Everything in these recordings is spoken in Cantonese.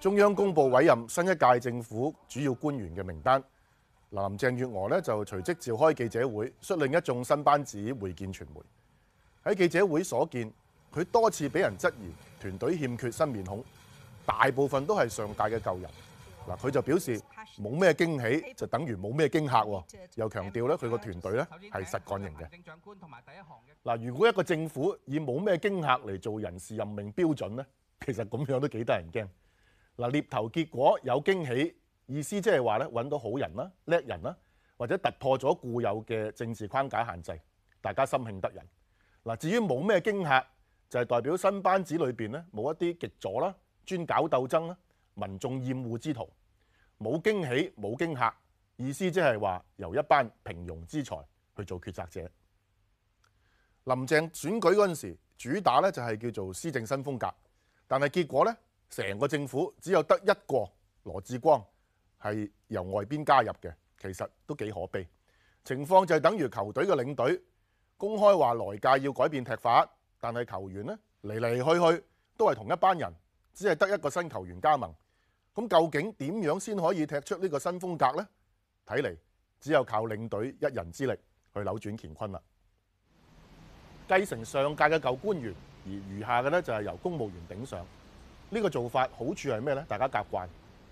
中央公布委任新一屆政府主要官員嘅名單。林鄭月娥呢就隨即召開記者會，率領一眾新班子會見傳媒。喺記者會所見，佢多次俾人質疑團隊欠缺新面孔，大部分都係上屆嘅舊人。嗱，佢就表示冇咩驚喜就等於冇咩驚嚇，又強調咧佢個團隊咧係實幹型嘅。嗱，如果一個政府以冇咩驚嚇嚟做人事任命標準咧，其實咁樣都幾得人驚。嗱，獵頭結果有驚喜，意思即係話咧揾到好人啦、叻人啦，或者突破咗固有嘅政治框架限制，大家心慶得人。嗱，至於冇咩驚嚇，就係代表新班子裏邊咧冇一啲極左啦、專搞鬥爭啦、民眾厭惡之徒，冇驚喜、冇驚嚇，意思即係話由一班平庸之才去做抉擇者。林鄭選舉嗰陣時主打咧就係叫做施政新風格，但係結果咧。成個政府只有得一個羅致光係由外邊加入嘅，其實都幾可悲。情況就係等於球隊嘅領隊公開話來屆要改變踢法，但係球員呢，嚟嚟去去都係同一班人，只係得一個新球員加盟。咁究竟點樣先可以踢出呢個新風格呢？睇嚟只有靠領隊一人之力去扭轉乾坤啦。繼承上屆嘅舊官員，而餘下嘅呢，就係由公務員頂上。呢個做法好處係咩呢？大家夾慣，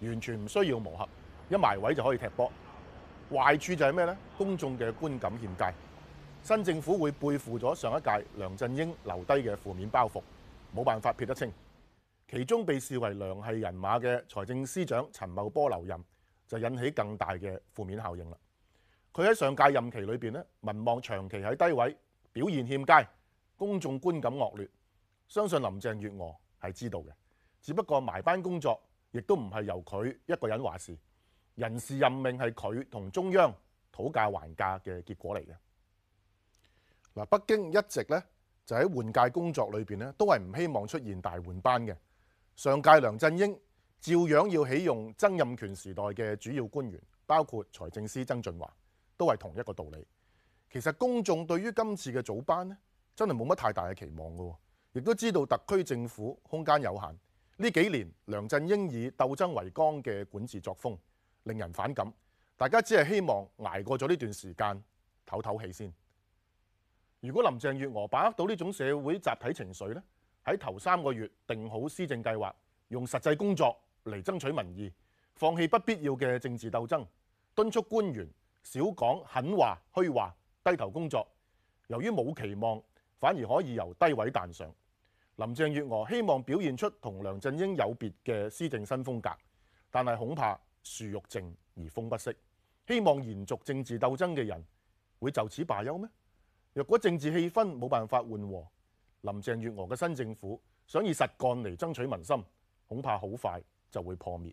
完全唔需要磨合，一埋位就可以踢波。壞處就係咩呢？公眾嘅觀感欠佳。新政府會背負咗上一屆梁振英留低嘅負面包袱，冇辦法撇得清。其中被視為梁系人馬嘅財政司長陳茂波留任，就引起更大嘅負面效應啦。佢喺上屆任期裏面，咧，民望長期喺低位，表現欠佳，公眾觀感惡劣。相信林鄭月娥係知道嘅。只不過埋班工作，亦都唔係由佢一個人話事，人事任命係佢同中央討價還價嘅結果嚟嘅。北京一直咧就喺換屆工作裏面咧，都係唔希望出現大換班嘅。上屆梁振英照樣要起用曾蔭權時代嘅主要官員，包括財政司曾俊華，都係同一個道理。其實公眾對於今次嘅組班咧，真係冇乜太大嘅期望喎，亦都知道特區政府空間有限。呢幾年，梁振英以鬥爭為綱嘅管治作風令人反感。大家只係希望捱過咗呢段時間，唞唞氣先。如果林鄭月娥把握到呢種社會集體情緒呢，喺頭三個月定好施政計劃，用實際工作嚟爭取民意，放棄不必要嘅政治鬥爭，敦促官員少講狠話、虛話，低頭工作。由於冇期望，反而可以由低位彈上。林鄭月娥希望表現出同梁振英有別嘅施政新風格，但係恐怕樹欲靜而風不息。希望延續政治鬥爭嘅人會就此罷休咩？若果政治氣氛冇辦法緩和，林鄭月娥嘅新政府想以實幹嚟爭取民心，恐怕好快就會破滅。